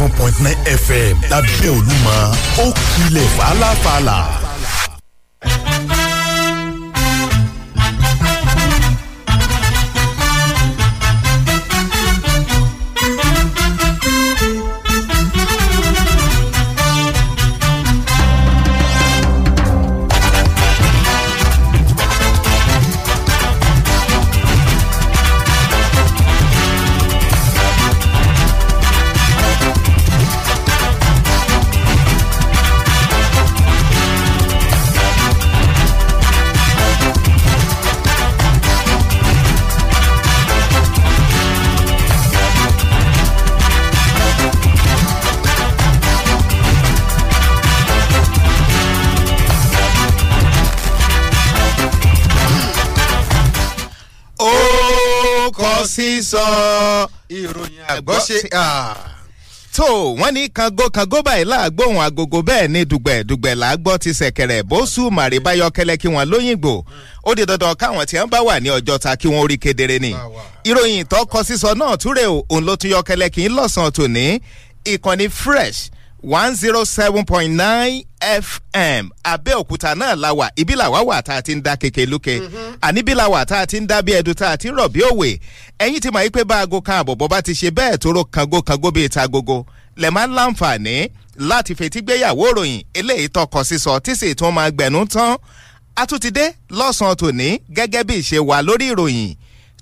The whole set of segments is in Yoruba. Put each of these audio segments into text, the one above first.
seven point nine fm lábẹ́ olúmọ ó kilẹ̀ fàlàfàlà. sọ ìròyìn àgbọ̀ ṣe tó wọ́n ní kango kango báyìí láàgbóhùn agogo bẹ́ẹ̀ ni dùgbẹ̀ dùgbẹ̀ làágbọ́ ti ṣẹ̀kẹ̀rẹ̀ bóṣù màrìbáyọ kẹlẹ́ kí wọ́n lóyìnbó ó di dandan káwọn tí wọ́n bá wà ní ọjọ́ ta kí wọ́n orí kedere ni ìròyìn tó kọ sísọ náà túrè òun ló tún yọ kẹlẹ́ kí ń lọ́sàn-án tòní ìkànnì fresh one zero seven point nine fm abẹ́òkúta náà la wà ibi làwa wà tá a ti ń dá keke lókè mhm. àníbi la wà tá a ti ń dá bí ẹdun tá a ti ń rọ̀ bí òwe ẹ̀yin ti mọ̀ yí pé bá aago kan àbọ̀bọ̀ bá ti ṣe bẹ́ẹ̀ tóró kango kango bíi ta gogo lẹ̀ máa ń láǹfààní láti fetígbéyàwó ròyìn eléyìí tọkọ sísọ tí sì tún máa gbẹ̀nú tán atútidé lọ́sàn-án tòní gẹ́gẹ́ bí ìṣe wà lórí ìròyìn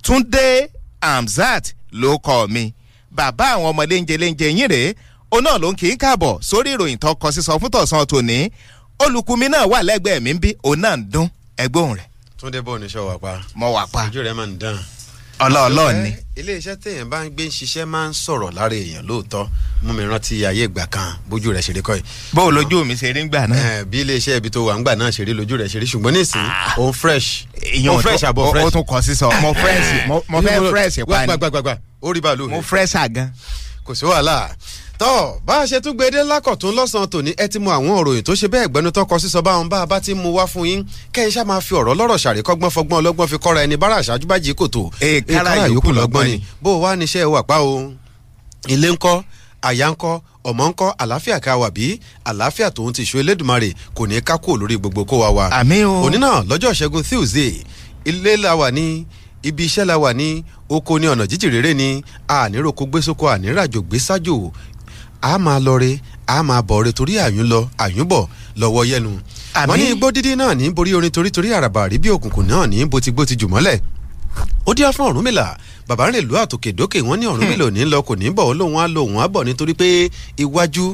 túndé amzat ló kọ́ mi bàbá àwọn ọmọ léńjeléńje yín rèé òun náà ló ń kì í káàbọ̀ sórí ìròyìn tó kọ sísọ fún tọ̀sán tòní olùkùnmi náà wà lẹ́gbẹ̀ẹ́ mi ń bí òun náà ń dún ẹgbóhùn rẹ̀. túndé bọ́ọ̀ níṣọ́ wà pa. mo wà pa. ojú rẹ̀ máa ń dán ọlọ́ọ̀lọ́ ni. ilé iṣẹ́ téèyàn bá ń gbé ń ṣiṣẹ́ máa ń sọ̀rọ̀ lára èèyàn lóòótọ́ mú mi rántí ayé ìgbà kan bójú rẹ̀ ṣeré kọ́ ẹ̀. bóò lójú mi ṣe rí ngbà náà. bí ilé iṣẹ́ ibi tó wà ngbà náà ṣe rí lójú rẹ̀ ṣe rí ṣùgbọ́n nísìn ah. òun fresh òun fresh àbọ̀ fresh. o tún kọ sísọ mo fresh mo fẹ́ fresh pa ni. gbàgbàgbà orí bàálù mi. mo fresh àgan. kò sí wàhálà tọ́ bá a ṣe tún gbede lákọ̀tún lọ́sàn-án tòní ẹ ti mọ àwọn òròyìn tó ṣe bẹ́ẹ̀ gbẹnu tọkọ sísọ báwọn bá a bá ti mú wá fún yín kẹ́yìn ṣá máa fi ọ̀rọ̀ lọ́rọ̀ ṣàríkọ́gbọ́n fọgbọ́n ọlọ́gbọ́n fi kọ́ra ẹni bára àṣáájú bá jí kòtò ìkárà yòókù lọ́gbọ́n ni bó o wá níṣẹ́ wà pa o ilé ńkọ́ àyà ńkọ́ ọmọ ńkọ́ àlàáfíà ká wà bí àlàáfíà tòun ti ṣó elédùnmarè kò ní ká kúrò lórí gbogbo kó wa wa. àmín o òní náà ibi iṣẹ́ la wà ní oko ní ọ̀nà jíjìn rere ni àníròkó gbé sóko àníràjò gbé sájò a máa lọre a máa bọ̀re torí àyùn lọ àyùn bọ̀ lọ́wọ́ yẹnu wọ́n ní igbó dídí náà ní borí orin torí torí àràbà rí bí òkùnkùn náà ní bó ti gbó ti jù ó díá fún Ọ̀rúnmìlà bàbá rìn lù àtòkèdókè wọn ní Ọ̀rúnmìlà ò ní lọ kò ní bọ̀ ó lóun á lò á bọ̀ nítorí pé iwájú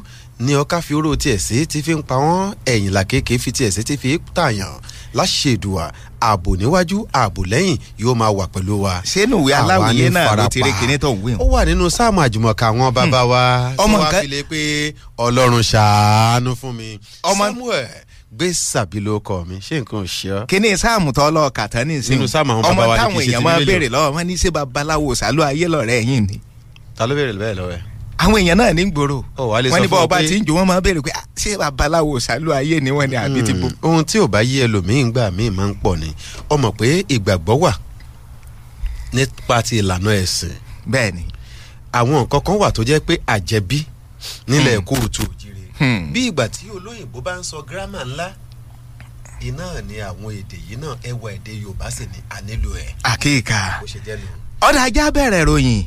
ni ọká fi oró tiẹ̀ sí ti fi ń pa wọ́n ẹ̀yìnlá kéèké fi tiẹ̀ sí ti fi ń tààyàn láṣẹ ìdùà ààbò níwájú ààbò lẹ́yìn yóò máa wà pẹ̀lú wa. sẹ́nu ìwé aláwìyé náà ló ti rí kinní tó ń wí. ó wà nínú sáàmù àjùmọ̀ká àwọn hmm. bàbá wa. ọmọ nǹkan tí wàá fi lè pé ọlọ́run ṣàánú fún mi. ọmọ samuel gbé sàbí ló kọ mi ṣé nǹkan ò ṣe ọ. kí ni sáàmù tó lọ kàtá ní ọmọ táwọn èèyàn máa béèrè lọ́wọ́ wọn ní ṣé babaláwo sàlú ayé lọ́rẹ́ yìí ni. ta ló béèrè bẹ́ẹ̀ lọ́wọ́ àwọn èèyàn náà ní gbòòrò wọ́n ní bọ́ọ̀ bá ti ń jò wọ́n máa béèrè pé ah, ṣé babaláwo ṣàlù ayé ni wọ́n ní àbí ti bò. Hmm. ohun tí ò bá yé ẹlòmíín gbà míì máa ń pọ̀ ni ọmọ pé ìgbàgbọ́ wà nípa ti ìlànà ẹ̀sìn. bẹ́ẹ̀ni. àwọn nǹkan kan wà tó jẹ́ pé àjẹbí nílẹ̀ hmm. kóòtù òjìrè hmm. bí ìgbà tí olóyìnbó bá ń sọ gírámà ńlá iná ni àwọn èdè yìí náà ẹwà èdè yorùbá sì ni ànílò ẹ̀. àkíkà ọ̀dà ajá bẹ̀rẹ̀ ròyìn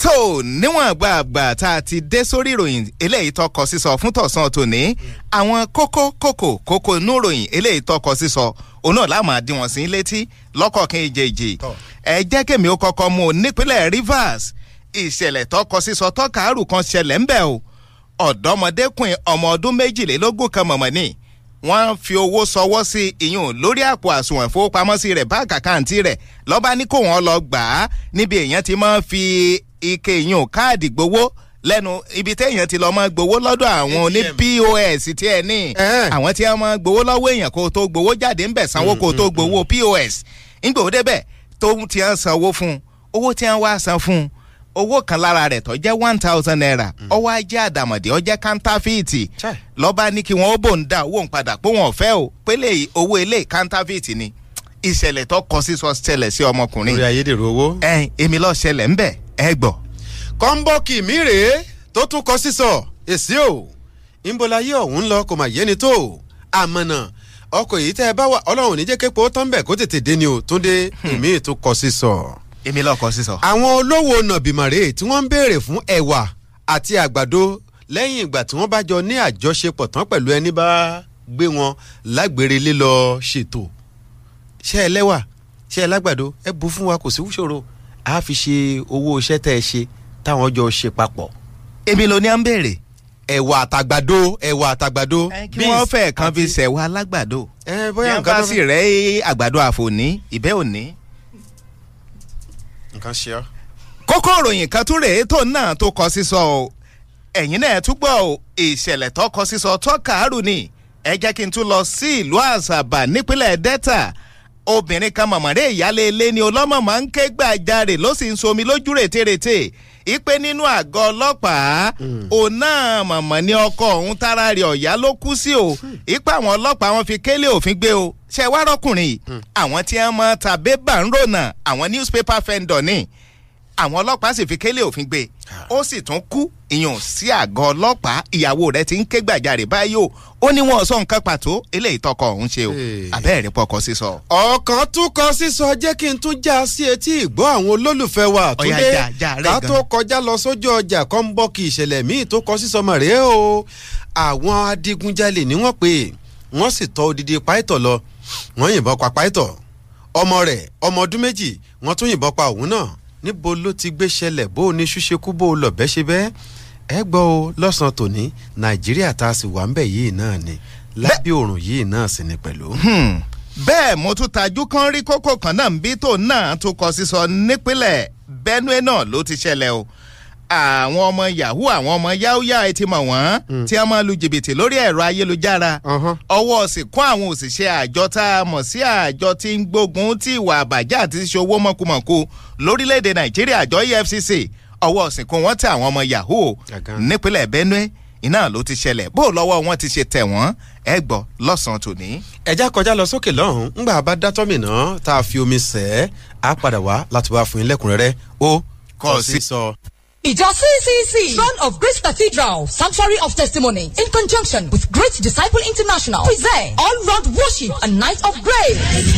tó níwọ̀n àgbààgbà tá a ti dé sórí ìròyìn eléyìí tọkọ sísọ fún tọ̀sán tòní àwọn kókó kókó kókó inú ìròyìn eléyìí tọkọ sísọ òun náà láàmú àdìwọ̀n sí létí lọ́kọ̀ọ̀kan ìjèjì ẹ jẹ́ kèmí ó kọ́kọ́ mú un nípínlẹ̀ Rivers ìṣẹ̀lẹ̀ tọkọ sísọ tọ́ka àrùn kan ṣẹlẹ̀ ń bẹ̀ o ọ̀dọ́mọdékùnrin ọmọ ọdún méjìlélógún kan mọ̀mọ́ ni wọ́n fi owó sọwọ́ sí iyùn lórí àpò àsùnwọ̀n ìfowópamọ́sí rẹ̀ báàkì àkáǹtì rẹ̀ lọ́ba ní kò wọ́n lọ gbà á níbi èèyàn ti máa ń fi ike ìyún káàdì gbowó lẹ́nu ibi téèyàn ti lọ mọ́ gbowó lọ́dọ̀ àwọn oní pos tí ẹ ní àwọn tí ẹ mọ́ gbowó lọ́wọ́ èèyàn kó tó gbowó jáde ńbẹ̀ sanwó kó tó mm-hmm. gbowó pos ńgbòho débẹ̀ tó ti ń sanwó fún owó tí ń wá san fún un owó kan lára rẹ̀ tó jẹ́ one thousand naira ọwọ́ mm. ajé àdàmọ̀dé ọjẹ́ kántáfíìtì lọ́ba ní kí wọ́n ó bò ń dá owó ń padà pé wọ́n fẹ́ o pélé owó ilé kántáfíìtì ni ìṣẹ̀lẹ̀ tó kọ sísọ ṣẹlẹ̀ sí ọmọkùnrin. orí ayédèrú owó. ẹn èmi lọ ṣẹlẹ̀ ńbẹ̀ ẹgbọ̀ kọ́ńbọ́ọ̀kì mi rèé tó tún kọ sísọ èsì o ìmbolayé ọ̀hún lọ kò mà yéni tó àmọ̀nà ọkọ̀ èyí tẹ́ ẹ bá wà ọlọ́run ní jẹ́ képo tán bẹ̀ kó tètè dé ni o túndé hmm. èmi ètò kọ sísọ. èmi lọ kọ sísọ. àwọn olówó nàbìmàrè tí wọ́n ń béèrè fún ẹ̀wà àti àgbàdo lẹ́yìn ìgbà tí wọ́n bá jọ ní àjọṣepọ̀ tán pẹ̀lú ẹni bá gbé wọn lágbèrè lílọ ṣètò ṣé ẹ lẹ́wà ṣé ẹ lágbàdo ẹ bu fún wa kò sí ṣòro a fi ṣe owó iṣẹ́ tẹ́ ẹ ṣe táwọn jọ ṣe papọ̀. èmi ló ní à ń béèrè. ẹ̀wà àtàgbàdo ẹ̀wà àtàgbàdo. kí wọ́n fẹ́ kan fi ṣẹ̀wà alágbàdo. ẹ bóyá nǹkan tó fi rẹ́ àgbàdo àfòní ìbẹ́ òní. nǹkan ṣe ọ́. kókó ìròyìn kan tún rèé tó náà tó kọ sísọ o ẹ̀yin náà tún gbọ́ o ìṣẹ̀lẹ̀ tó kọ sísọ tó kàárù ni ẹ jẹ́ kí n tún lọ sí ìlú àṣàbà nípínlẹ̀ delta obìnrin kan mọ̀mọ́rẹ́ ìyáálé ilé ni ọlọ́mọ máa ń ké gbàjarè ló sì ń somi lójú rètérètè ipe nínú àgọ́ ọlọ́pàá hmm. òun náà mọ̀mọ́ ni ọkọ òun tára rẹ̀ ọ̀yá ló kú sí o hmm. ipa àwọn ọlọ́pàá wọn fi kélé òfin gbé o ṣe wá rọkùnrin hmm. àwọn tí wọn mọ tàbí bá ń rònà àwọn newspaper fẹ́ndọ̀ ni. Mm àwọn ọlọ́pàá sì fi kélé òfin gbé ah. ó sì tún kú ìyàn sí àgọ́ ọlọ́pàá ìyàwó rẹ̀ ti ń ké gbàjarè báyìí o ó ní wọn sọ nǹkan pàtó eléyìí tọkọ ọ̀hún ṣe o abẹ́rẹ́ pọkọ sísọ. ọ̀kan tún kọ sísọ jẹ́ kí n tún já sí etí ìgbọ́ àwọn olólùfẹ́ wa àtúndé ká tó kọjá lọ sójú ọjà kan ń bọ́ kí ìṣẹ̀lẹ̀ míì tó kọ sísọ mọ̀ rèé o àwọn adigunjalè ni wọ́n pè wọ́n sì tọ́ odidi páìtọ̀ lọ wọ́n yìnbọn pa páìtọ̀ ọmọ rẹ̀ ọmọ ọdún méjì wọ́n tún yìnbọn pa òun náà níbo ló ti gbé ṣẹlẹ̀ bó o ní ṣúṣe kú bó o lọ̀bẹ́ ṣe bẹ́ẹ̀ ẹ gbọ́ o lọ́sàn-án tòní nàìjíríà tá a sì wà ń bẹ̀ yìí náà ni lábẹ́ òrùn yìí náà sì ni pẹ̀lú. Hmm. bẹ́ẹ̀ mo tún tajú kan rí kókó kan náà ń bí tòun náà tó kọ sísọ nípínlẹ̀ Benue náà ló ti ṣẹlẹ̀ o àwọn ọmọ yahoo àwọn ọmọ yáúyá ẹ ti mọ̀ wọ́n hmm. tí a máa lu jìbìtì lórí ẹ̀rọ ayélujára uh-huh. ọwọ́ sì kún àwọn òṣìṣẹ́ àjọ tá a mọ̀ sí àjọ tí ń gbógun ti ìwà àbàjẹ́ àti ṣíṣe owó mọ̀kùmọ̀kù lórílẹ̀‐èdè nàìjíríà àjọ efcc ọwọ́ sì kún tẹ àwọn ọmọ yahoo nípínlẹ̀ benue iná ló ti ṣẹlẹ̀ bó lọ́wọ́ wọn ti ṣe tẹ̀ wọ́n ẹ gbọ́ lọ́sàn-án tòní. ẹja kọjá lọ sókè lọ́hùn ńgbà bá dátọ́ mi náà tá a fi omi sẹ́ẹ́ á padà wá láti wá fún yín lẹ́kùnrẹ́rẹ́ ó kọ́ sí sọ. Ijo CCC, Son of Grace Cathedral, Sanctuary of Testimony, in conjunction with Great Disciple International, present all-round worship and night of grace.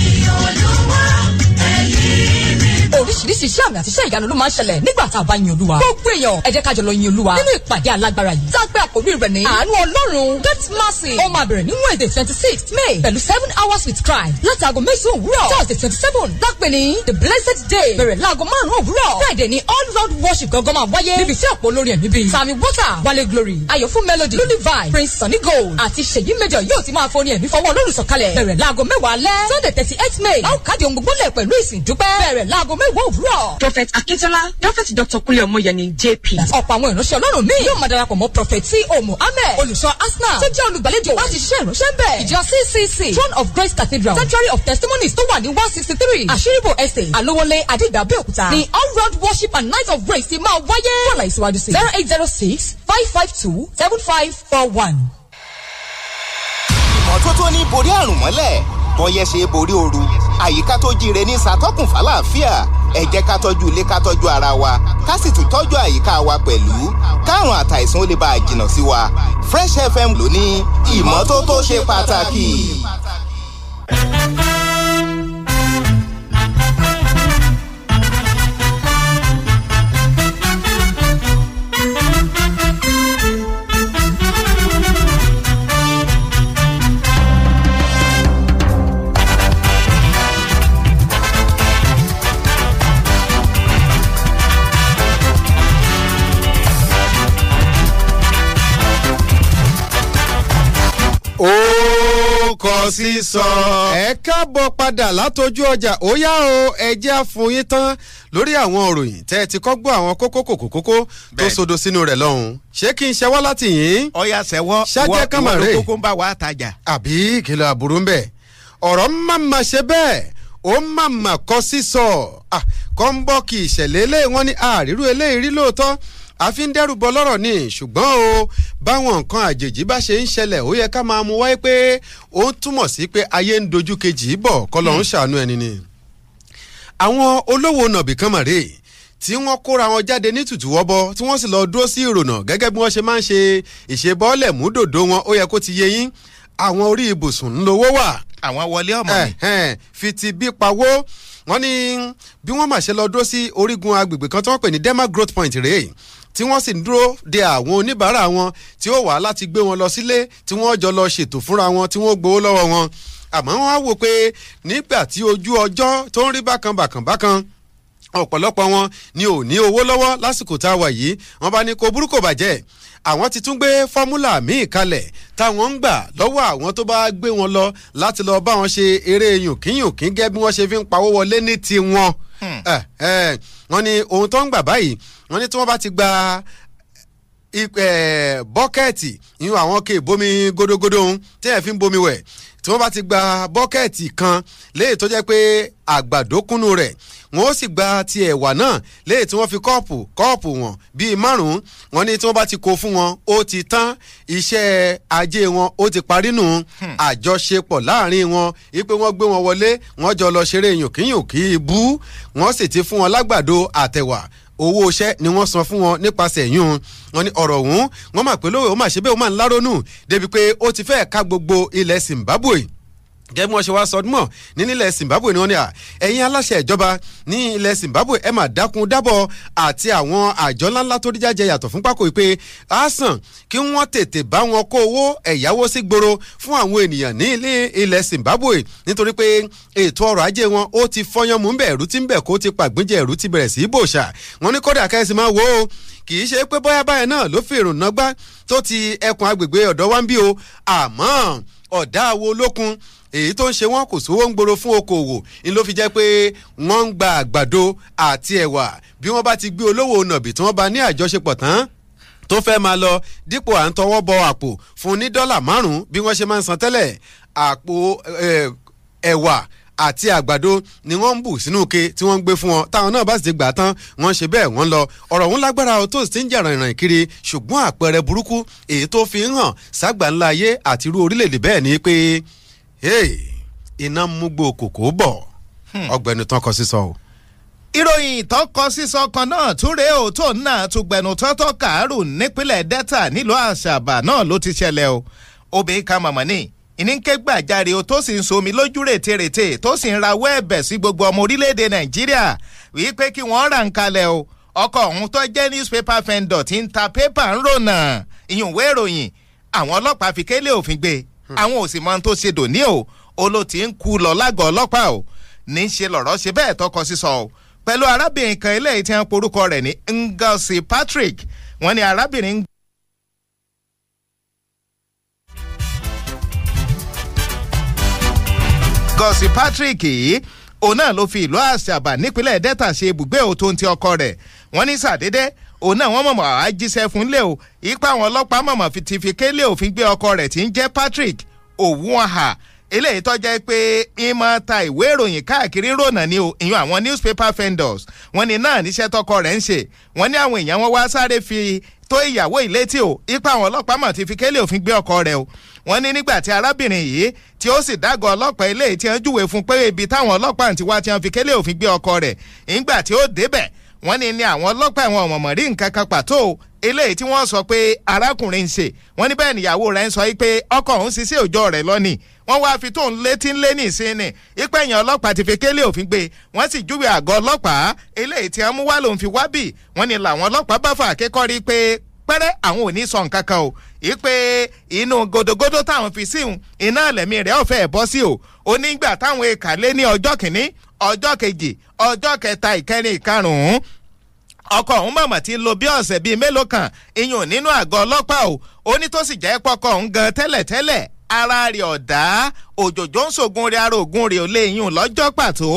oríṣiríṣi iṣẹ́ àmì àti iṣẹ́ ìyanu ló máa ń ṣẹlẹ̀ nígbà tá a bá yin olúwa. gbogbo èèyàn ẹ jẹ́ ká jọ lọ yin olúwa nínú ìpàdé alágbára yìí. tágbé àkórí rẹ̀ ní àánú ọlọ́run get mercy. ó máa bẹ̀rẹ̀ ní wednesday twenty six may pẹ̀lú seven hours with cry. láti aago mẹ́sàn-án òwúrọ̀ thursday twenty seven dápẹ́ ní the blessed day bẹ̀rẹ̀ láago márùn-ún òwúrọ̀ friday ni all round worship gangan máa wáyé níbi tí ọ̀pọ̀ olórin ẹ̀mí bíi sami water wale glory ayọ̀fún melody lullaby prince sunny gold àti ṣèyí méjọ yóò ti máa forin ẹ̀mí fọwọ́ olórùn sọ̀kalẹ̀ bẹ̀rẹ̀ láago mẹ́wàá lẹ́ sunday thirty eight may láwùkádi ohun gbogbo lẹ̀ pẹ̀lú ìsìn dúpẹ́ bẹ̀rẹ̀ láago mẹ́wàá mẹ́wàá òwúrọ̀. prophet akintola prophet dr kunle ọmọyẹni jp. ọ̀pọ̀ àwọn ìránṣẹ́ ọlọ́run míì yóò máa darapọ̀ mọ́ prophet tí Omo, mohammed olùṣọ́ asna tó jẹ́ olùgbàlejò láti ṣiṣẹ́ ìránṣẹ́ ń bẹ̀. ìjọ ccc throne of grace cathedral sanctuary of testimonies tó wà ní one sixty three àṣírìbò ẹsẹ̀ àlówólé àdìgbàbẹ́òkúta ni all round worship and night of grace ti máa wáyé. fọlá ìsíwájú sí zero eight zero six five five two seven five four one. ìmọ́tótó ní borí àrùn mọ́lẹ̀ bọ́yẹ́ ṣe borí ooru àyíká tó jíire ní ṣàtọ́kùn fàlàáfíà ẹ ká tọ́jú ilé ká tọ́jú ara wa ká sì tún tọ́jú àyíká wa pẹ̀lú káàrùn àtàìsàn ó lè bá a jìnnà sí wa Fresh FM ló ní ìmọ́tótó ṣe pàtàkì. sísọ. ẹ káàbọ̀ padà látọjú ọjà ó yá o ẹ jẹ́ àfọyín tán lórí àwọn òròyìn tẹ́ ẹ ti kọ́ gbọ́ àwọn kókó kòkó kókó tó sodo sínú rẹ̀ lọ́hùn. ṣé kí n ṣẹwọ́ láti yìn? ọ̀ya ṣẹwọ́ ṣájẹ́ kámàrè ló kókó ń bá wa tajà. àbí ìkìlọ̀ àbúrò ń bẹ̀ ọ̀rọ̀ má má ṣe bẹ́ẹ̀ ó má má kọ sísọ kọ́ńbọ́ọ̀kì ìṣẹ̀lẹ̀ eléyìí wọ́n ní àrírú eléyìí rí lóòótọ́ a fi ń dẹ́rù bọ lọ́rọ̀ ni ṣùgbọ́n o báwọn nǹkan àjèjì bá ṣe ń ṣẹlẹ̀ ó yẹ ká máa mú wáyé pé ó ń túmọ̀ sí pé ayé ń dojú kejì bọ̀ kọ́lọ́ ń hmm. ṣàánú ẹni ni. àwọn olówó nàbì kan mọ̀ rèé tí wọ́n kóra wọn jáde ní tùtù wọ́bọ tí wọ́n sì lọ dúró sí ìrònà gẹ́gẹ́ bí wọ́n ṣe máa ń ṣe ìṣebọ́ọ̀lẹ̀ múdòdó wọn ó yẹ kó ti yé yín àwọn orí ibùsùn ńlọwọ́ wà. àwọn wọlé ọmọ mi. fi ti bí pawó wọ́n ní bí wọ́n mà ṣe lọ dúró sí orígun agbègbè kan tí wọ́n pè ní Dema Growth Point rèé tí wọ́n sì ń dúró de àwọn oníbàárà wọn tí ó wà láti gbé wọn lọ sílé tí wọ́n jọ lọ ṣètò fúnra wọn tí wọ́n gbowó lọ́wọ́ wọn àmọ́ wọ́n á wò pé nígbà tí ojú ọjọ́ tó ń rí bákan bákan bákan ọ̀pọ̀lọpọ̀ wọn ni ò ní owó lọ́wọ́ lásìkò tá a wà yìí wọ́n bá ní kó burúkú bàjẹ́ àwọn ti tún gbé fọ́múlà míì kalẹ̀ táwọn ń gbà lọ́wọ́ àwọn tó bá gbé wọn lọ láti lọ bá wọn ṣe eré yùnkínyùnkín gẹ́ bí wọ́n ṣe fi ń pawó wọlé ní tiwọn hmm. eh, eh, wọ́n ní ohun tó ń gbà báyìí wọ́n ní tí wọ́n bá ti gba eh, bọ́kẹ́ẹ̀tì ìyún àwọn kè bomi gódógódó ohun tí ẹ̀ fi ń bomi wẹ̀ tí wọ́n bá ti gba bọ́kẹ́ẹ̀tì kan léyìí tó jẹ́ pé àgbàdo kúnnú rẹ̀ wọ́n ó sì gba ti ẹ̀wà náà léyìí tí wọ́n fi kọ́ọ̀pù kọ́ọ̀pù wọn bíi márùn-ún wọ́n ní tí wọ́n bá ti kó fún wọn ó ti tán iṣẹ́ ajé wọn ó ti parí nù hmm. àjọṣepọ̀ láàrin wọn wípé wọ́n gbé wọn wọlé wọ́n jọ lọ ṣeré yòkíyòkí ibú wọ́n sì ti fún wọn lágbàdo àtẹ̀wà owó iṣẹ́ ni wọ́n san fún wọn nípasẹ̀ yún wọn ní ọ̀rọ̀ ọ̀hún wọ́n mà pé lóòó mà ṣe bẹ́ẹ̀ ó mà ń lárónú débi pé ó ti fẹ́ẹ̀ ká gbogbo ilẹ̀ Zimbabwe gẹ́gẹ́ bí wọ́n ṣe wá sọ ní nílẹ̀ zimbabwe ni wọ́n ní à ẹ̀yin aláṣẹ ìjọba ní ilẹ̀ zimbabwe ẹ mà dákun dábọ̀ àti àwọn àjọ ńláńlá tó díjà jẹ yàtọ̀ fún pákó ìpè á sàn kí wọ́n tètè bá wọn kó owó ẹ̀yáwó sí gbòòrò fún àwọn ènìyàn ní ilẹ̀ zimbabwe nítorí pé ètò ọrọ̀ ajé wọn ó ti fọyán mú bẹ́ẹ̀ ẹ̀rú ti ń bẹ̀ kó ti pàgbínjẹ ẹ̀rú ti bẹ̀rẹ̀ sí í bòṣà wọn kì í ṣe pé bóyá báyẹn náà ló fi ìrùn náà tó ti ẹkùn agbègbè ọ̀dọ́ wa ń bí o àmọ́ ọ̀dà wo lókun èyí tó ń ṣe wọn kò sówó ń gbòòrò fún okòwò ni ló fi jẹ́ pé wọ́n ń gba àgbàdo àti ẹ̀wà bí wọ́n bá ti gbé olówó nàbì tí wọ́n bá ní àjọṣepọ̀ tán tó fẹ́ máa lọ dípò à ń tọwọ́ bọ àpò fún ní dọ́là márùn-ún bí wọ́n ṣe máa ń san tẹ́lẹ̀ àpò ẹ̀wà àti àgbàdo ni wọ́n ń bù sínú ke tí wọ́n ń gbé fún wọn táwọn náà bá sì ti gbà tán wọ́n ṣe bẹ́ẹ̀ wọ́n lọ ọ̀rọ̀ ọ̀hún lágbára tó sì ń jàràn ìràn kiri ṣùgbọ́n àpẹẹrẹ burúkú èyí tó fi ń hàn ságbà ńlá ayé àti irú orílẹ̀-èdè bẹ́ẹ̀ ni pé iná múgbó kòkó bọ̀ hmm. ọgbẹ́ni tán kọ sísọ o. ìròyìn ìtọ́kọ sísọ kan náà túre òótọ́ náà tún gbẹnu tọ́tọ́ kàárù nípínlẹ̀ delta nílùú àṣàbà náà ló ti ṣẹlẹ̀ o obìnrin kan màmá ní ìníkẹ́ gbàjarè o tó sì ń somi lójú rètérètè tó sì ń rawọ́ ẹ̀bẹ̀ sí gbogbo ọmọ orílẹ̀-èdè nàìjíríà wípé kí wọ́n rà ń kalẹ̀ o ọkọ̀ ọ̀hún tó jẹ́ newspaper vendor ti ń ta pépà ń rònà ìyùnwé ìròyìn àwọn ọlọ́pàá fi kélé òfin gbé e àwọn ò sì mọ ohun tó ṣe dòní o olóòtí ń kú lọ lágọ̀ọ́ ọlọ́pàá o ní í ṣe lọ̀rọ̀ ṣe bẹ́ẹ̀ tọkọ sísọ o pẹ̀lú arábìnrin kan eléyìí tí wọ́n porúkọ rẹ̀ ní Ngozi Patrick wọ́n ní arábìnrin. Ngozi Patrick yìí òun náà ló fi ìlú Àṣàbà nípínlẹ̀ Delta ṣe ibùgbé òtún ti ọkọ rẹ̀ wọ́n ní sàdédé òun náà wọ́n mọ̀mọ́ àá jíṣẹ́ fún lé o ipa àwọn ọlọ́pàá mọ̀mọ́ ti fi kélé òfin gbé ọkọ rẹ̀ tí ń jẹ́ Patrick Owuoha eléyìí tọ́jà pé ìmọ̀ ta ìwé ìròyìn káàkiri rònà ni o ìyún àwọn newspaper vendors wọ́n ní náà níṣẹ́ tọkọ rẹ̀ ń ṣe wọ́n ní àwọn èèyàn wọn wá sáré fi tó ìyàwó ìlétí o ipa àwọn ọlọ́pàá mọ̀ ti fi kélé òfin gbé ọkọ rẹ̀ o wọ́n ní nígbà tí arábìnrin yìí tí ó sì dágọ̀ ọlọ́pàá eléyìí tí wọ́n júwèé fún pé ibi táwọn ọlọ́pàá ti wá tí wọ́n fi kélé òfin gbé ọkọ rẹ̀ ìgbà tí ó débẹ̀ wọ́n ní ní àwọn ọlọ́pàá ẹ̀wọ̀n ọ̀mọ̀mọ̀ rí nǹkan kan pàtó eléyìí tí wọ́n sọ pé arákùnrin ń ṣe wọ́n ní bẹ́ẹ̀ níyàwó rẹ̀ ń sọ pé ọkọ òun ṣiṣẹ́ òjọ́ rẹ̀ lọ́nìí wọ́n wáá fi tóun létí ńlé ní ìsinmi ipò ẹ̀yìn ọlọ́pàá ti fi kélé òfin gbé wọ́n sì júwe àgọ́ ọlọ́pàá eléyìí tí wọ́n mú wá lòun fi wá bì wọ́n ní làwọn ọlọ́pàá bá fà kékọ́rí pé pẹ́rẹ́ àwọn ò ní sọ nǹkan kan o ìpè inú gòdògòdò táwọn fi síhun iná ẹ̀lẹ́mí rẹ̀ ọ̀fẹ́ ẹ̀ bọ́ sí o onígbà táwọn èèkà lé ní ọjọ́ kìíní ọjọ́ kejì ọjọ́ kẹta ìkẹrin ìkarùn-ún ọkọ̀ ọ̀hún mọ̀mọ̀ ti lò bí ọ̀sẹ̀ bíi mélòó kan iyùn nínú àgọ́ ọlọ́pàá o ó ní tó sì jẹ́ pọkọ ọ̀hún gan tẹ́lẹ̀tẹ́lẹ̀ ara rẹ̀ ọ̀dá òjòjò ń sògùn rẹ̀ ara rẹ̀ ò lè yún lọ́jọ́ pàtó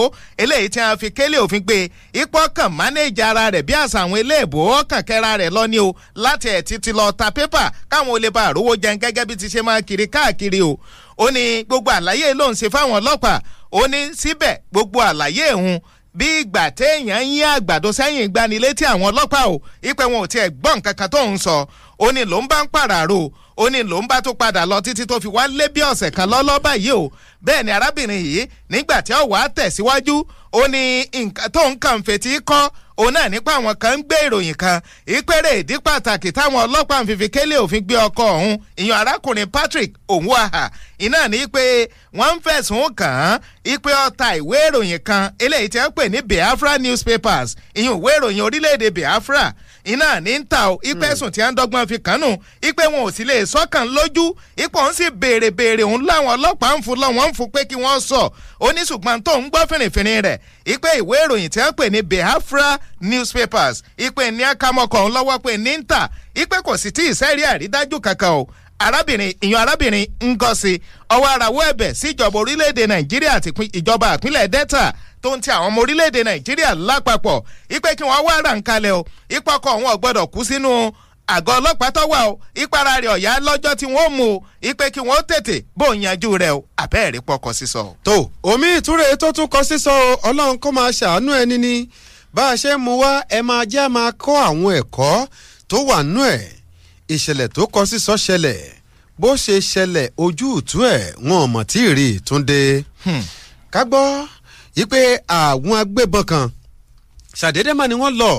eléyìí tí a fi kélé òfin pé ipò kan mánéèjì ara rẹ̀ bí àṣà àwọn iléèbó ọkàn kẹra rẹ̀ lọ ni o láti ẹ̀ títí lọ ta pépà káwọn olè bá àrówó jẹun gẹ́gẹ́ bí ti ṣe máa kiri káàkiri o ó ní gbogbo àlàyé ló ń ṣe fáwọn ọlọ́pàá ó ní síbẹ̀ gbogbo àlàyé òun bí ìgbà téèyàn ń yín àgbàdo sẹ́yìn ìgbanilétí àwọn ọlọ́pàá ò ìpè wọn ò tiẹ̀ gbọ́ nǹkan kan tó ń sọ ó ní ló ń bá ń pàràrò ó ní ló ń bá tó padà lọ títí tó fi wá lé bí ọ̀sẹ̀ kan lọ́lọ́ báyìí o bẹ́ẹ̀ ni arábìnrin yìí nígbà tí ó wàá tẹ̀síwájú ó ní nǹkan tó ń kàn fetí kọ́ òun náà nípa àwọn kan ń gbé ìròyìn kan ìpèrè ìdí pàtàkì táwọn ọlọ́pàá ń fìfì kélé òfin gbé ọkọ ọ̀hún ìyàn arákùnrin Patrick Onwuaha iná ní pé wọ́n ń fẹ̀sùn kàn án ipe ọta ìwé ìròyìn kan eléyìí tí wọ́n pè ní Biafra newspapers ìyún ìwé ìròyìn orílẹ̀-èdè Biafra iná ní ń ta o ipe hmm. tí a ń fi kàn nù ipe wọn ò sì lè sọ́kàn lójú ipò ń sì béèrè béèrè òun láwọn sọ tó ipe ìwé ìròyìn tí wọ́n newspapers ipe ní akamọ́kọ̀ arábìnrin ìyọ̀n arábìnrin Ngozi ọwọ́ arawọ́ ẹ̀bẹ̀ sí ìjọba orílẹ̀-èdè Nàìjíríà àti ìjọba àpínlẹ̀ Delta tó ń ti àwọn ọmọ orílẹ̀-èdè Nàìjíríà lápapọ̀ ipe kí wọ́n wá ara ń kalẹ̀ o ipọkọ̀ wọn ò gbọ́dọ̀ kú sínú àgọ́ ọlọ́pàá tó wà o ìpara rẹ̀ ọ̀yá lọ́jọ́ tí wọ́n mú o ìpè kí wọ́n tètè bó yanjú rẹ̀ o àbẹ́ẹ̀rí pọkọ sísọ. tó omi ìtúre tó tún kọ sísọ o ọlọ́run kó máa ṣàánú ẹni ni bá a ṣe mú wá ẹ máa jẹ́ máa kọ́ àwọn ẹ̀kọ́ tó wà nú ẹ̀ ìṣẹ̀lẹ̀ tó kọ sísọ ṣẹlẹ̀ bó ṣe ṣẹlẹ̀ ojú ìtú ẹ̀ wọn ò mọ̀ tí ì rí ìtúndé. Hmm. ká gbọ́ yìí pé àwọn agbébọn kan ṣàdédé mà ni wọ́n lọ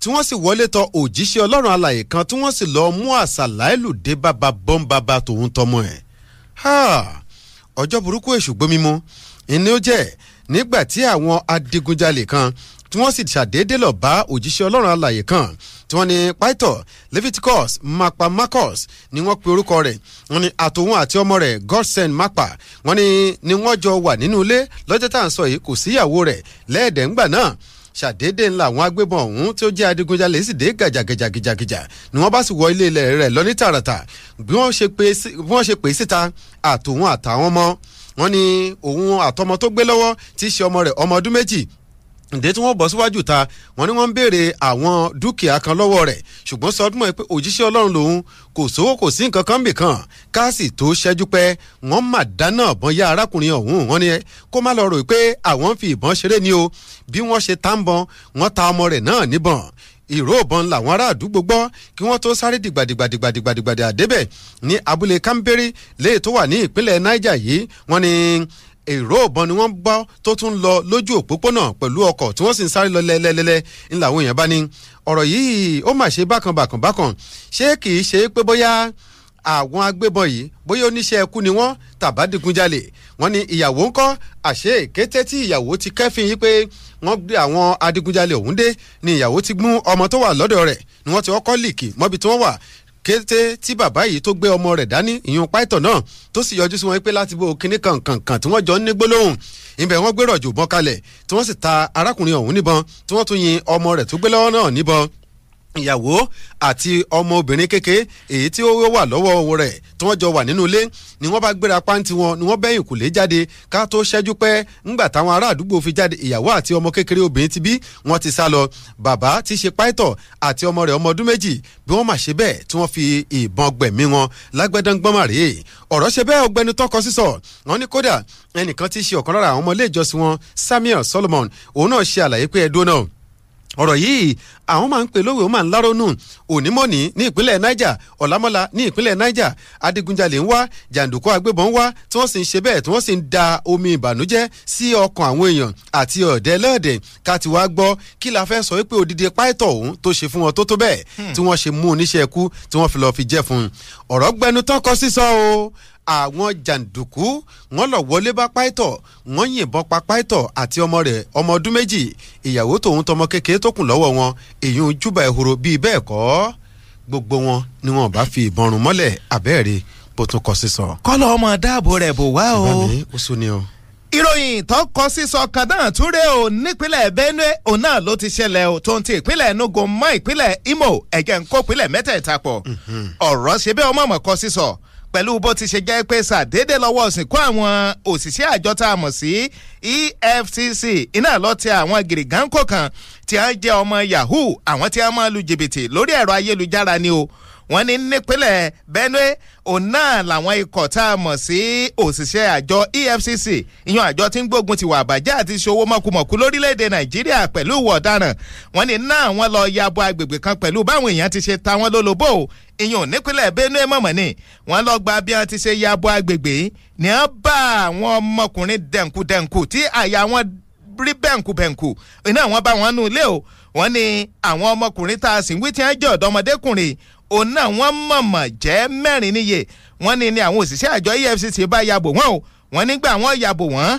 tí wọ́n sì wọlé tọ òjíṣẹ́ ọlọ́run alàyè kan tí wọ́n sì lọ́ọ́ mú àṣàláìlù dé bàbá bọ́ńbàbà tòun tọmọ ẹ̀. ọjọ́ burúkú èṣù gbómímú ìní ó jẹ́ nígbà tí àwọn adigunjalè kan tí wọ́n sì ṣàdédé lọ bá òjíṣẹ́ ọlọ́run alàyè kan tí wọ́n ní Python Leviticus Mapa Marcus ni wọ́n pe orúkọ rẹ̀ wọ́n ní àtòun àti ọmọ rẹ̀ Godsend Mapa wọ́n ní ni wọ́n jọ wà nínú ilé lọ́jọ́ tá à ń sọ yìí kò síyàwó rẹ̀ lẹ́ẹ̀dẹ̀ngbà náà ṣàdédé ńlá àwọn agbébọn ọ̀hún tí ó jẹ́ adigunjalè sì dé gàjàgàjàgàjà ni wọ́n bá sì wọ ilé ilẹ̀ rẹ̀ lọ ní tààràtà bí wọ́n ṣe pè é síta àtòun àtàwọn ọmọ wọn ni òun àtọmọ tó gbé lọ́wọ́ tí í ṣe ọmọ rẹ̀ ọmọ ọdún méjì ǹdẹ́ tí wọ́n bọ̀ síwájú ta wọ́n ní wọ́n ń béèrè àwọn dúkìá kan lọ́wọ́ rẹ̀ ṣùgbọ́n sọdúnmọ́ pé òjíṣẹ́ ọlọ́run lòun kò sówó kò sí nǹkan kan bìkan káàsì tó ṣẹ́jú pẹ́ wọ́n mà dáná ọ̀bọ̀n ya arákùnrin ọ̀hún wọ́n ní kó má lọ rò pé àwọn ń fi ìbọn ṣeré ni o bí wọ́n ṣe tá ń bọn wọ́n ta ọmọ rẹ̀ náà níbọn ìró ìbọn làwọn ará àdúgbò gbọ́ kí wọ́n tó sáré dìgbàdìgbàdìgbàdìgbàdì àdébẹ̀ ní abúlé kambere léè tó wà ní ìpínlẹ̀ niger yìí wọ́n ní èrò ìbọn ni wọ́n bá tó tún lọ lójú òpópónà pẹ̀lú ọkọ̀ tí wọ́n sì ń sáré lọ lẹ́lẹ́lẹ́lẹ́ ńlá àwọn èèyàn bá ní ọ̀rọ̀ yìí ó mà ṣe bákan bákan bákan ṣé kì í ṣe pé bóyá àwọn agbébọn yìí bóyá oníṣẹ́ ẹkú ni wọ́n tàbá digunjalè wọ́n ní ìyàwó ńkọ́ àṣé kété tí ìyàwó ti kẹ́fìn yìí pé wọ́n gbé àwọn adigunjalè ọ̀hún dé ni ìyàwó ti mú ọmọ tó wà lọ́dọ̀ rẹ̀ ni wọ́n ti kọ́kọ́ lìkì mọ́bi tí wọ́n wà kété tí bàbá yìí tó gbé ọmọ rẹ̀ dání ìyún python náà tó sì yọjú sí wọn pé láti bo kinní kankankan tí wọ́n jọ ń ní gbólóhùn ibẹ̀ wọ́n gbérò jù bọ́n kalẹ̀ tí wọ́n sì ta arákùnrin ọ̀hún níbọn tí wọ́n tún yin ọmọ rẹ̀ tó gbé lọ́wọ́ náà níbọn ìyàwó àti ọmọbìnrin kékeré èyí tí ó wà lọ́wọ́ rẹ̀ tí wọ́n jọ wà nínú ilé ni wọ́n bá gbéra pàǹtí wọn ni wọ́n bẹ́yìn kùlé jáde ká tó ṣẹ́jú pẹ́ ńgbà táwọn ará àdúgbò fi jáde ìyàwó àti ọmọ kékeré obìnrin ti bí wọ́n ti sá lọ bàbá ti ṣe pàìtọ̀ àti ọmọ rẹ̀ ọmọ ọdún méjì bí wọ́n mà ṣe bẹ́ẹ̀ tí wọ́n fi ìbọn gbẹ̀mí wọn lágbẹ́dọ́ngbọ́màrè ọ̀rọ̀ Samuel Solomon òun náà ṣe ọ̀rọ̀ yìí àwọn máa ń pè lówe ó máa ń lárónú onímọ̀ọ́nì ní ìpínlẹ̀ niger ọ̀làmọ́lá ní ìpínlẹ̀ niger adigunjalè ń wá jàǹdùkú agbébọn ń wá tí wọ́n sì ń ṣe bẹ́ẹ̀ tí wọ́n sì ń da omi ìbànújẹ́ sí ọkàn àwọn èèyàn àti ọ̀dẹ́ ẹlẹ́ọ̀dẹ́ ká ti wá gbọ́ kí la fẹ́ sọ wípé odidi páìtọ̀ ọ̀hún tó ṣe fún wọn tó tó bẹ́ẹ̀ hmm. tí wọ́n ṣe mú oníṣẹ́ ikú tí wọ́n fi lọ́ọ́ fi jẹ́ fún un ọ̀rọ̀ gbẹnu sísọ o àwọn jàǹdùkú wọ́n lọ wọlé bá pàìtọ̀ wọ́n yìnbọn pa pàìtọ̀ àti ọmọ rẹ̀ ọmọ ọdún méjì ìyàwó tòun tọmọ kékeré tó kùn lọ́wọ́ wọn èyí ń júbà ehoro bíi bẹ́ẹ̀ kọ́ gbogbo wọn ni wọn bá fi ìbọn rún mọ́lẹ̀ abẹ́rẹ́ bó tún kọ sísọ. kọ́lọ́ ọmọ dáàbò rẹ̀ bò wá o. ìbámu ó sún ni o ìròyìn tó kọ sísọ kan náà tún o nípínlẹ̀ Benue òun ló ti ṣẹlẹ̀ o tó ń ti ìpínlẹ̀ Enugu mọ́ ìpínlẹ̀ Imo ẹ̀jẹ̀ ń kó ìpínlẹ̀ mẹ́tẹ̀ẹ̀ta pọ̀ mhm. ọ̀rọ̀ ṣe bẹ́ẹ̀ ọmọ ọmọ kọ sísọ pẹ̀lú bó ti ṣe jẹ́ pé ṣàdédé lọ́wọ́ òsìnkú àwọn òṣìṣẹ́ àjọ tá a mọ̀ sí EFCC iná lọ ti àwọn gìrìgánkò kan tí a ń jẹ́ ọmọ yahoo àwọn tí a máa lu jìbìtì lórí ẹ̀rọ ayélujára ni o wọ́n ní nípínlẹ̀ Benue òun náà làwọn ikọ̀ tá a mọ̀ sí òṣìṣẹ́ àjọ EFCC ìyẹn àjọ tí ń gbógun ti wà bàjẹ́ àti ṣòwò mọ̀kùmọ̀kù lórílẹ̀‐èdè Nàìjíríà pẹ̀lú ìwà ọ̀daràn wọ́n ní náà wọ́n lọ ya bo agbègbè kan pẹ̀lú báwọn èèyàn ti ṣe ta wọ́n lólobó ìyún nípínlẹ̀ benue mọ̀mọ́ ni wọ́n lọ gba bí wọ́n ti ṣe ya bo agbègbè ni wọ́n bá àwọn ọmọkùnrin dẹ̀nkù dẹ̀nkù tí àyà wọn rí bẹ̀nkù bẹ̀nkù iná wọn bá wọn nù ilé o wọ́n ní àwọn ọmọkùnrin tá a sì ń wí tí wọ́n jẹ́ ọ̀dọ́mọdékùnrin òun náà wọ́n mọ̀mọ̀ jẹ́ mẹ́rin níye wọ́n ní ni àwọn òṣìṣẹ́ àjọ EFCC bá yabò wọ́n o wọ́n nígbà wọ́n yabò wọ́n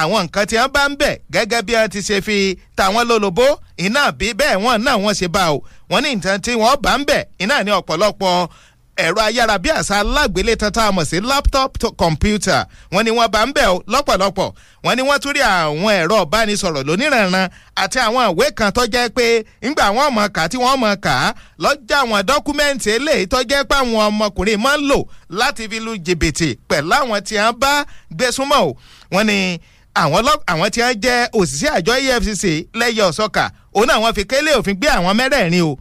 àwọn nǹkan tí wọ́n bá ń bẹ̀ gẹ́gẹ́ bí wọ́n ti ṣe fi tàwọn lólobó iná bí bẹ́ẹ̀ wọ́n náà wọ́n ṣe bá o wọ́n ní nǹkan tí wọ́n bá ń bẹ̀ iná ní ọ̀pọ̀lọpọ̀ ẹ̀rọ ayárabíàṣá alágbélétan tá a mọ̀ sí laptop to computer wọ́n ní wọ́n bá ń bẹ̀ o lọ́pọ̀lọpọ̀ wọ́n ní wọ́n tún rí àwọn ẹ̀rọ ìbánisọ̀rọ̀ lóníranran àti àwọn ìwé kan tó jẹ́ pé ńgbà wọ́n mọ̀ ká tí wọ́n mọ̀ ká lọ́jà àwọn dọ́kúmẹ́ǹtì eléyìí tó jẹ́ pé àwọn ọmọkùnrin máa ń lò láti fi lu jìbìtì pẹ̀lú àwọn tí wọ́n bá gbé súnmọ́ o wọ́n ní àwọn àwọn tí wọ́n jẹ́ òṣìṣẹ́ àjọ EFCC lẹ́yẹ ọ̀sọ́kà òun náà wọ́n fi kélé òfin gbé àwọn mẹ́rẹ̀ẹ̀rin o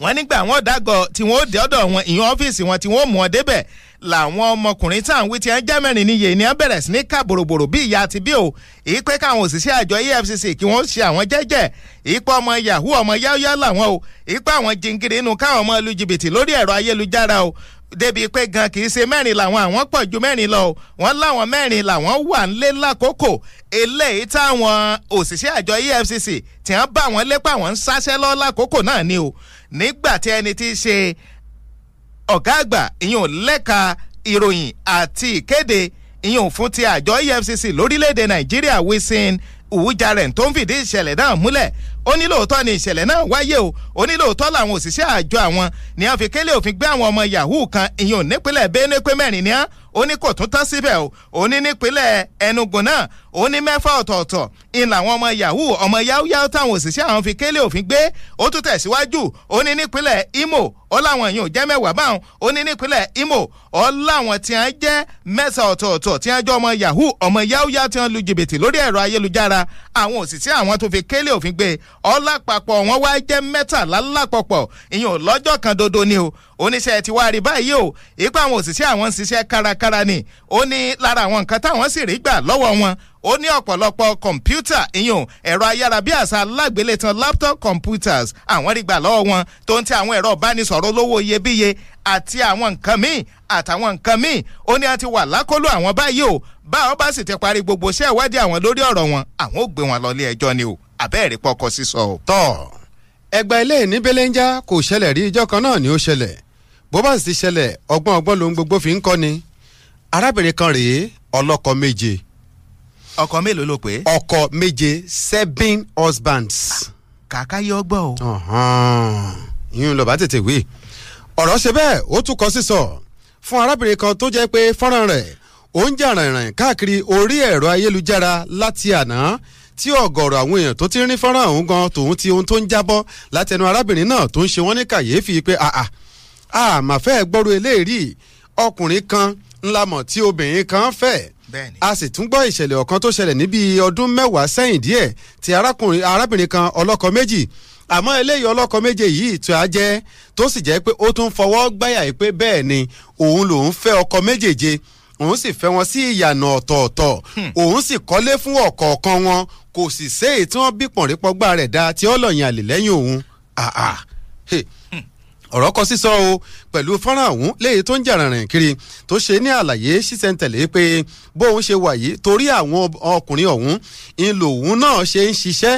wọ́n nígbà àwọn ọ̀dàgọ̀ tí wọ́n ó dé ọ̀dọ̀ wọn ìyẹn ọ́fíìsì wọn tí wọ́n ó mú wọn débẹ̀ làwọn ọmọkùnrin tí à ń wí tí wọ́n jẹ́ mẹ́rin níye ni wọ́n bẹ̀rẹ̀ sí ní ká bòròbòrò bí ìyá àti bí o èyí pé káwọn òṣìṣẹ́ àjọ EFCC kí wọ́n ṣe àwọn jẹ́jẹ́ èyí pé ọmọ yahoo ọmọ yáyá làwọn o èyí pé àwọn jingiri inú káwọn ọmọ lu jìbìtì lórí ẹ̀rọ ayélujára o débi pé gan kì í ṣe mẹ́rin làwọn àwọn pọ̀ ju mẹ́rin lọ o wọ́n láwọn mẹ́rin làwọn wà ń lé lákòókò eléyìí táwọn òṣìṣẹ́ àjọ EFCC tí wọ́n bá wọn lépa wọn ń sáṣẹ́ lọ lákòókò náà ni o nígbà tí ẹni tí í ṣe ọ̀gá àgbà ìyẹn ò lẹ́ka ìròyìn àti ìkéde ìyẹn ò fún ti àjọ EFCC lórílẹ̀‐èdè Nàìjíríà wíṣín Uwujaren tó ń fìdí ìṣẹ̀lẹ̀ náà múlẹ̀ ó ní lóòótọ́ ni ìṣẹ̀lẹ̀ náà wáyé o ó ní lóòótọ́ làwọn òṣìṣẹ́ àjọ àwọn ni a fi kélé òfin gbé àwọn ọmọ yahoo kan ìyọ̀n nípínlẹ̀ Benue pé mẹ́rin ni á ó ní kò tún tán síbẹ̀ o ó ní nípínlẹ̀ Enugu náà ó ní mẹ́fà ọ̀tọ̀ọ̀tọ̀ ìlà àwọn ọmọ yahoo ọmọ yahoo yahoo táwọn òṣìṣẹ́ àwọn fi kélé òfin gbé ó tún tẹ̀síwájú ó ní nípínlẹ̀ Imo ó láwọn èèyàn jẹ́ mẹ́wàá báwọn ó ní nípínlẹ̀ Imo ó láwọn tí wọ́n jẹ́ mẹ́sà ọ̀tọ̀ọ̀tọ̀ tí wọ́n jọ ọmọ yahoo ọmọ yahoo yahoo tí wọ́n lu jìbìtì lórí ẹ̀rọ ayélujára àwọn òṣìṣẹ́ àwọn tó fi kélé òfin gbé ó lápapọ̀ wọ́n wá jẹ́ mẹ́tàlá lápapọ̀ ìyẹn lọ́jọ́ kan dodo ni o oníṣẹ́ ti wá rí báyìí o ipa àwọn òṣìṣẹ́ àwọn ń ṣiṣẹ́ kárakára ni ó ní lára àwọn nǹkan táwọn sì rí gbà lọ́wọ́ wọn ó ní ọ̀pọ̀lọpọ̀ kọ̀mpútà ìyún ẹ̀rọ ayárabíàṣá alágbélétan laptop computers àwọn rí gbà lọ́wọ́ wọn tó ń tẹ àwọn ẹ̀rọ ìbánisọ̀rọ̀ olówó iyebíye àti àwọn nǹkan míì àtàwọn nǹkan míì ó ní a ti wà lákọlù àwọn báyìí o báwọn bá sì ti parí gbogbo iṣẹ́ ìwádìí àwọn lórí ọ̀rọ̀ wọn àwọn ò gbé wọn lọ ilé ẹjọ́ ni o àbẹ́ẹ̀rí pọkọ sísọ o. tọ́ ẹgbẹ́ ilé ní belenja kò ṣẹlẹ̀ rí ijọ́ kan náà ni ó ṣẹlẹ̀ bó bá sì ti ṣẹlẹ̀ ọgbọ́n ọgbọ́n lòun gbogbo fi ń kọ́ ni arábìnrin kan rèé ọlọ́kọ méje ọkọ mélòó ló pé. ọkọ méje seven husbands. kàkà yọ gbọ́ o. yín lọ bá tètè wí ọ̀rọ̀ ṣe bẹ́ẹ̀ ó tún kọ sísọ fún arábìnrin kan tó jẹ́ pé fọ́nrán rẹ̀ ó ń jà rìnrìn káàkiri orí ẹ̀rọ ayélujára láti àná tí ọ̀gọ̀rọ̀ àwọn èèyàn tó ti rí fọ́nrán ọ̀hún gan tòun ti ohun tó ń jábọ́ látẹnu arábìnrin náà tó ń ṣe wọ́n ní kàyéfì pé àà àmàfẹ́ gbọ́rọ̀ eléyìí ọkùnrin kan ńlamọ̀ tí obìnrin kan fẹ́ẹ́ a sì tún gbọ́ ìṣẹ̀lẹ̀ ọ̀kan tó ṣẹlẹ̀ ní bíi ọdún mẹ́wàá sẹ́yìn díẹ̀ ti arákùnrin arábìnrin kan ọlọ́kọ méjì àmọ́ eléyìí ọlọ́kọ méje yìí tó a jẹ́ tó sì jẹ́ pé ó tún fọwọ́ gbáyà pé bẹ́ẹ̀ ni òun lòun fẹ́ ọkọ méjèèje òun sì fẹ́ wọn sí ìyànà ọ̀tọ̀ọ̀tọ̀ hmm. òun sì kọ́lé fún ọ̀kọ̀ọ̀kan wọn kò sì séè tí wọ́n bí pọ̀nrípọ̀gbà rẹ̀ dá tí ó àlè lẹ́yìn òun ọ̀rọ̀ kọ sísọ o pẹ̀lú fọ́nrán ọ̀hún léyìí tó ń jà rìnrìn kiri tó ṣe ní àlàyé ṣísẹ̀ntẹ̀lé pé bóun ṣe wà yìí torí àwọn ọkùnrin ọ̀hún ńlòun náà ṣe ń ṣiṣẹ́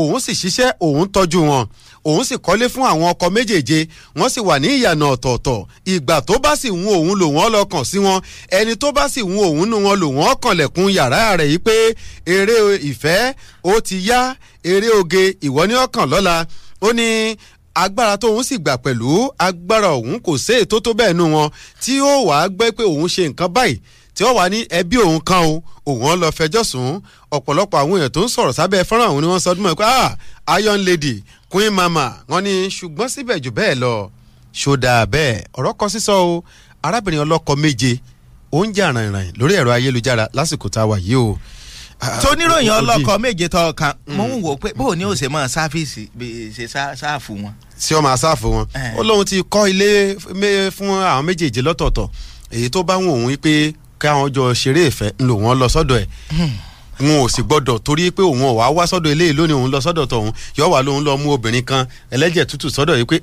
òun sì ṣiṣẹ́ òun tọ́jú wọn òun sì kọ́lé fún àwọn ọkọ méjèèje wọ́n sì wà ní ìyànà ọ̀tọ̀ọ̀tọ̀ ìgbà tó bá sì wù òun lò wọ́n lọ́kàn sí wọn ẹni tó bá sì wù òun nù wọn lò wọ́n kànlẹ̀kùn yàrá rẹ̀ yìí pé eré ìfẹ́ ó ti yá eré oge ìwọ ní ọkàn lọ́la ó ní agbára tóun sì gbà pẹ̀lú agbára òun kò sí ètò tó bẹ́ẹ̀ nù wọn tí ó wàá gbẹ́ pé òun ṣe nǹkan báyìí tí ó wà ní ẹbí òun kan o òun lọ fẹjọ́ sùn ọ̀pọ̀lọpọ̀ àwọn èèyàn tó ń sọ̀rọ̀ sábẹ́ fọ́nrán òun ni wọ́n sọ ọdún mọ́ ẹ pé ah iron lady queen mama wọn ni ṣùgbọ́n síbẹ̀ jù bẹ́ẹ̀ lọ ṣòdà bẹ́ẹ̀ ọ̀rọ̀ kọ sísọ o arábìnrin ọlọ́kọ méje ó ń jà lórí ẹ̀rọ ayélujára lásìkò tá a wà yìí o tóníròyìn ọlọ́kọ méje tó kan mm. mo ń wò pé bó ni ó ṣe máa sáfíìsì ṣe sáàfù wọn. ṣé ọmọ àṣàfù wọn eh. ó lóun ti kọ́ ilé fún àwọn méjèèjì lọ́tọ̀ọ̀tọ̀ èyí tó bá wọn òun pé káwọn jọ ṣeré ìfẹ́ ńlò wọ́n lọ sọ́dọ̀ ẹ̀ hmm. wọn ò sì gbọdọ̀ torí pé òun ò wá wá sọ́dọ̀ eléyìí lónìí òun lọ sọ́dọ̀ tọ̀hún yọ wà lóun lọ mú obìnrin kan ẹlẹ́jẹ̀ tútù sọ́dọ̀ yìí pé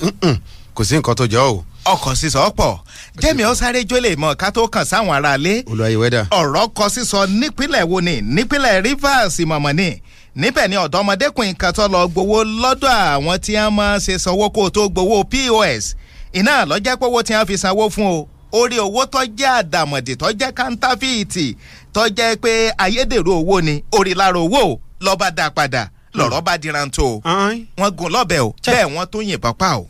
kò sí nǹkan tó jọ o. ọkọ̀ sísọ pọ̀ jẹ́mi ó sáré jólè mọ́ ká tó kàn sáwọn aráalé. olùwàyíwẹ́dà. ọ̀rọ̀ kọ sísọ nípínlẹ̀ wo ni nípínlẹ̀ Rivers mọ̀mọ́ ni níbẹ̀ ni ọ̀dọ́mọdékùnrin kan tó lọ gbowó lọ́dọ̀ àwọn tí wọ́n máa ṣe sanwó kó tó gbowó POS iná lọ́jẹ́ pọ́wọ́ tí wọ́n fi sanwó fún o orí owó tó jẹ́ àdàmọ̀dì tó jẹ́ káńtáfíìtì tó jẹ́ pé ayédèrú owó ni orí lára owó lọ́ba dá padà lọ̀rọ̀ bá di rántó o wọ́n gun lọ́bẹ̀ o bẹ́ẹ̀ wọ́n tó yìnbọn pa o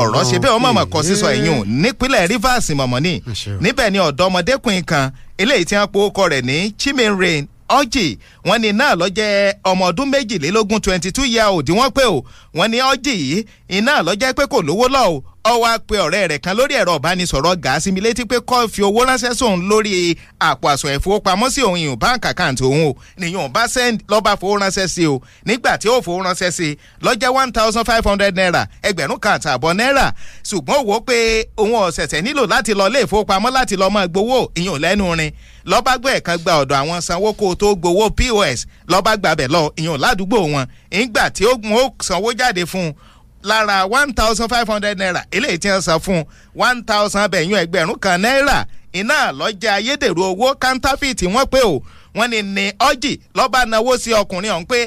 ọ̀rọ̀ ṣe bẹ́ẹ̀ wọ́n mọ̀mọ́ kọ sísọ ẹ̀yìn o nípínlẹ̀ Rivers mọ̀mọ́ni níbẹ̀ ni ọ̀dọ́mọdékùnrin kan eléyìí tí wọ́n po orúkọ rẹ̀ ní Chimeray ọjì wọ́n ní náà ló jẹ́ ọmọ ọdún méjìlélógún twenty two year old wọ́n pé o wọ́n ní ọjì yìí iná ló jẹ́ pé kò lówó lọ o ó wá pe ọ̀rẹ́ rẹ̀ kan lórí ẹ̀rọ ìbánisọ̀rọ̀ gà á síbi létí pé kó fi owó ránṣẹ́ sóun lórí àpò àṣọ ìfowópamọ́sí òun ìyún báǹkì àkáǹtì òun o nìyún bá send lọ́ba fowó ránṣẹ́ sí o nígbà tí ó fowó ránṣẹ́ sí lọ́jẹ́ one thousand five hundred naira ẹgbẹ̀rún kan àtààbọ̀ náírà ṣùgbọ́n wò ó pé òun ọ̀sẹ̀sẹ̀ nílò láti lọ ilé ìfowópamọ́ láti lọ máa gbowó ìyún lẹ́nu rin lọ́bàgbọ́ ẹ̀kan gba ọ̀dọ̀ àwọn sanwó kó o tó gbowó POS lọ́bàgbàbẹ̀ lọ ìyún ládùúgbò wọn ìgbà tí ó sanwó jáde fún un lára one thousand five hundred naira eléyìí tí wọ́n san fún one thousand bẹ̀yìn ẹgbẹ̀rún kan náírà iná lọ́jà ayédèrú owó kántáfìtì wọ́n pé o wọ́n ní ní ọ́jì lọ́ba náwó sí ọkùnrin ọ̀hún pé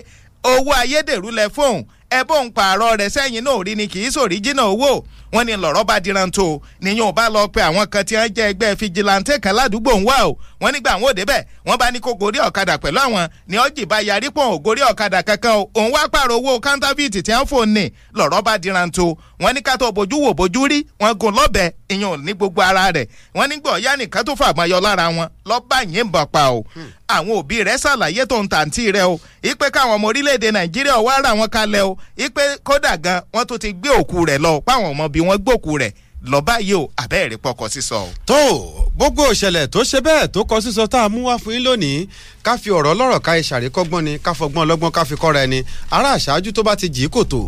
owó ayédèrú lẹ fóun ẹ bóun pààrọ̀ rẹ̀ sẹ́yìn náà rí ni kì í sòrí jìnnà owó wọ́n ní lọ́rọ̀ bá diran tó níyàn ò bá lọ pé àwọn kan tí wọ́n jẹ́ ẹgbẹ́ fìjìláńtẹ́ kan ládùúgbò ń wá o wọ́n nígbà àwọn òde bẹ́ẹ̀ wọ́n bá ní kó gorí ọ̀kadà pẹ̀lú àwọn ni ọ́jì bá yarí pọ̀ ògorí ọ̀kadà kankan o òun wá pààrọ̀ owó counterfeit tí wọ́n fò ní lọ́rọ̀ bá diran tó wọ́n ní ká tó bójú wò bójú rí wọ́n gún lọ́bẹ ìyẹn ní gbogbo ara rẹ̀ wọ́n ní gbọ́ yá nìkan tó fàgbọn yọ lára wọn lọ́ba yìnbọn pa o hmm. àwọn òbí rẹ̀ ṣàlàyé tó ń tàǹtì rẹ̀ o ipe káwọn ọmọ orílẹ̀-èdè nàìjíríà wá ra wọn kalẹ̀ o ipe kódà gan wọ́n tó ti gbé òkú rẹ̀ lọ páwọn ọmọ bí wọ́n gbókú rẹ̀ lọ́ba yìí o àbẹ́ẹ̀rí pọkọ sísọ o. gbogbo òṣẹlẹ̀ tó ṣe bẹ́ẹ̀ tó kọ sísọ tá a mú wá fún yín lónìí ká fi ọ̀rọ̀ lọ́rọ̀ ká ẹ ṣàríkọ́gbọ́n ni ká fọgbọ́n ọlọ́gbọ́n ká fi kọ́ra ẹni ará àṣáájú tó bá ti jì í kòtò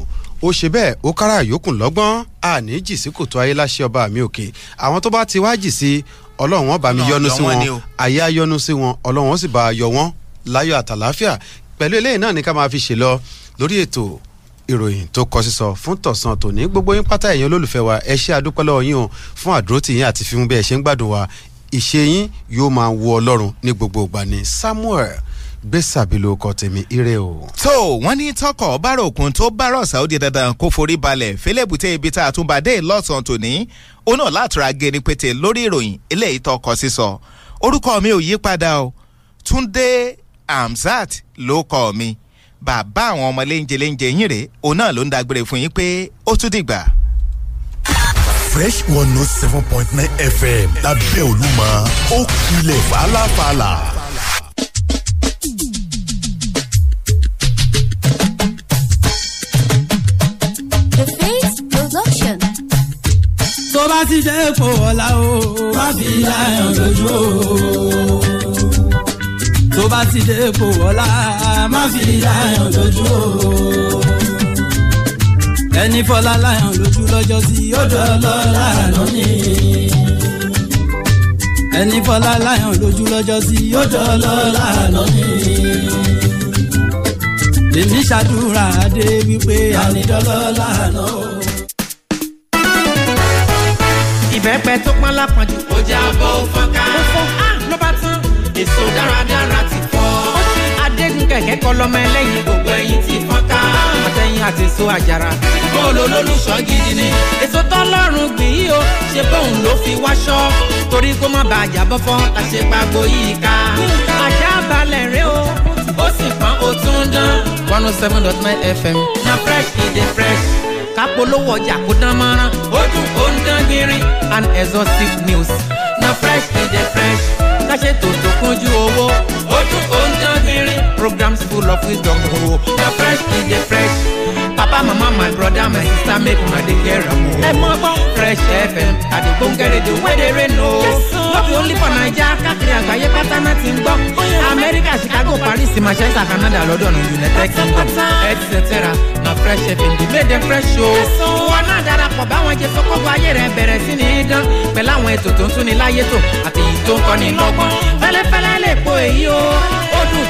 ó ṣe bẹ́ẹ̀ ó kára yòókù lọ́gbọ́n àní jì sí kòtò ayé láṣẹ ọba mi òkè àwọn tó bá ti wá jì sí ọlọ́run wọn bá mi yọ́nú sí wọn ayé á yọ́nú sí wọn ọlọ́run ó sì bá a yọ wọn láyọ̀ àtàláfíà pẹ̀lú eléyìí náà ni ká máa fi ṣe lọ lórí ètò ìròyìn tó kọ sísọ fún tọ̀sán tòní gbogbo yín pátá ẹ̀yin olólùfẹ́ wa ẹ ṣe àdúpẹ́ lọ́wọ́ yín o fún àdúrótì yín àti fífún bí ẹ ṣe ń gbádùn wa ìṣe yín yóò máa wọ ọlọ́run ní gbogbo ìgbà ni Samuel gbèsàbí ló kọ tèmi ire o. tó wọ́n ní tọkọ̀ bárò òkun tó bárò ọ̀sà ó di dandan kó forí balẹ̀ fẹlẹ́bùtẹ́ ibi tá a tún bá dé lọ́sàn-án tòní ó náà látara gẹni pété lórí ìròyìn eléyìí tọkọ sísọ orúkọ mi ò yí padà o Túndé Hamzat ló kọ mi bàbá àwọn ọmọ léńjẹ yín rèé òun náà ló ń dágbére fún yín pé ó tún dìgbà. Fresh one note oh seven point nine FM lábẹ́ Olúmọ ó kilẹ̀ fàlàfàlà. ti jẹ́ èpo ọ̀la o. má fi láyàn lójú o. tó bá ti jẹ́ èpo ọ̀la. má fi láyàn lójú o. ẹni fọlá láyàn lójú lọ́jọ́ sí ọ̀dọ̀ ọlọ́lá lónìí. ẹni fọlá láyàn lójú lọ́jọ́ sí ọ̀dọ̀ ọlọ́lá lónìí. Èmi ṣàdúrà dé wípé ànídọ́lọ́lá náà. ìbẹ́pẹ tó pọ́n lápọ̀jù. ó jẹ́ abọ́ ó fọ́nká. á ló bá tán. èso dáradára ti fọ́. ó ṣe adégún kẹ̀kẹ́ kọ lọ́mọ ẹlẹ́yin. gbogbo ẹyin ti fọ́nká. àtẹ̀yìn àti èso àjàrà. bọ́ọ̀lù olólùṣọ́ gidi ni. èso tọ́lọ́run gbìn yìí o ṣe bóun ló fi wáṣọ. torí kó má bàa jábọ́ fọ́ la ṣe pàgọ́ yìí ká. àṣà balẹ̀ rẹ o ó sì pọ́n ó dán. one oh seven dot nine fm na fresh e dey fresh ká polówó ọjà kó dán mọ́rán ó dùn ó ń dán gbinrin an exhaustive news na fresh e dey fresh ká ṣe tòótọ́ kúnjú owó ó dùn ó ń dán gbinrin programs full of wisdom o oh. na fresh e dey fresh papa mama my brother my sister make una dey care am o oh. ẹ mọ gbọ́ fresh fm àdìgbò ń kẹrẹ́dẹ̀ wẹ́ẹ́dẹ̀ rẹ̀ nù tókì ó lípọ̀ naija káàkiri àgbáyé pátá ti ń gbọ́ amẹ́ríkà chicago paris manchester canada london united kingdom etc na fresh fm di méde fresh o. wa náà darapọ̀ báwọn jẹ sọ́kọ́gbọ́ ayé rẹ̀ bẹ̀rẹ̀ sí ní dán pẹ̀lú àwọn ètò tó ń súnni láyé tó àti èyí tó ń kọ́ni lọ́gbọ́n fẹ́lẹ́fẹ́lẹ́ lè po èyí o ó dùn.